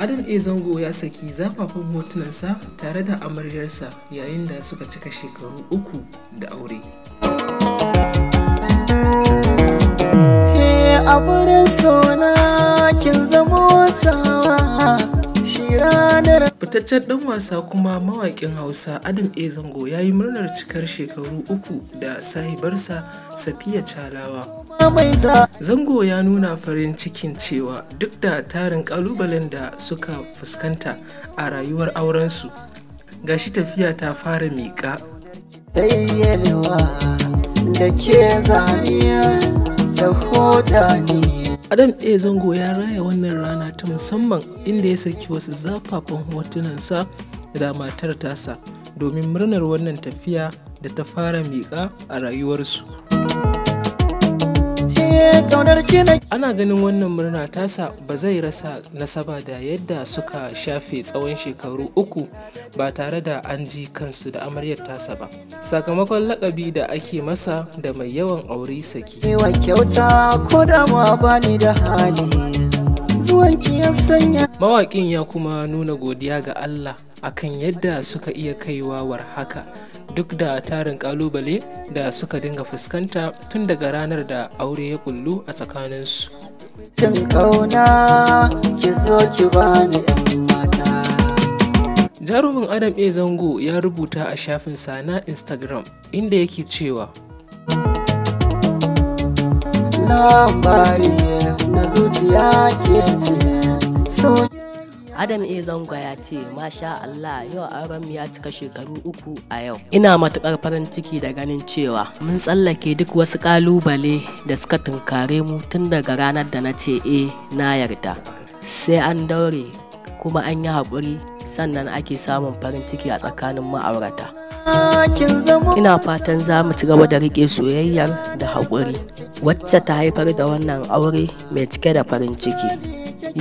Adam A. Zango ya saki zafafan hotunansa tare da amaryarsa yayin da suka cika shekaru uku da aure. Hey, a wurin sona kin zamo ta fitaccen ɗan wasa kuma mawaƙin hausa adam a zango ya yi murnar cikar shekaru uku da sahibarsa safiya Chalawa. zango ya nuna farin cikin cewa duk da tarin ƙalubalen da suka fuskanta a rayuwar aurensu gashi tafiya ta fara miƙa da ke zaniya da Adam ɗaya Zango ya raya wannan rana ta musamman inda ya saki wasu zafafan hotunansa da matar tasa domin murnar wannan tafiya da ta fara miƙa a rayuwarsu. ana ganin wannan murna tasa ba zai rasa nasaba da yadda suka shafe tsawon shekaru uku ba tare da an ji kansu da amaryar tasa ba sakamakon lakabi da ake masa da mai yawan aure saki kyauta ko mawaƙin ya kuma nuna godiya ga Allah akan yadda suka iya kaiwa war haka duk da tarin kalubale da suka dinga fuskanta tun daga ranar da aure ya kullu a tsakaninsu. Cin ƙauna ki zo ki mata. Jarumin Adam A. Zango ya rubuta a shafinsa na Instagram inda yake cewa. Lambari na zuciya ke ce. adam e zangwa ya ce masha allah yau auren ya cika shekaru uku a yau ina matuƙar farin ciki da ganin cewa mun tsallake duk wasu ƙalubale da suka tunkare mu tun daga ranar da na ce e na yarda sai an daure kuma an yi haƙuri sannan ake samun farin ciki a tsakanin ma'aurata ina fatan za mu ci gaba da riƙe soyayyar da haƙuri wacce ta haifar da wannan aure mai cike da farin ciki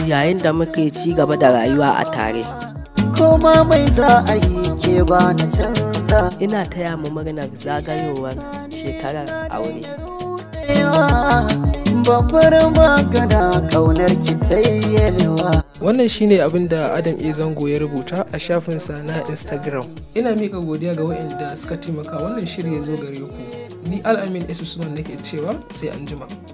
yayin da muke ci gaba da rayuwa a tare. Koma mai za a yi ke ba na canza. Ina taya mu murnar zagayowar shekarar aure. Babbar magana kaunar ki ta Wannan shine abin da Adam E. Zango ya rubuta a shafinsa na Instagram. Ina mika godiya ga waɗanda suka taimaka wannan shirya zo gare ku. Ni Al'amin Suman nake cewa sai an jima.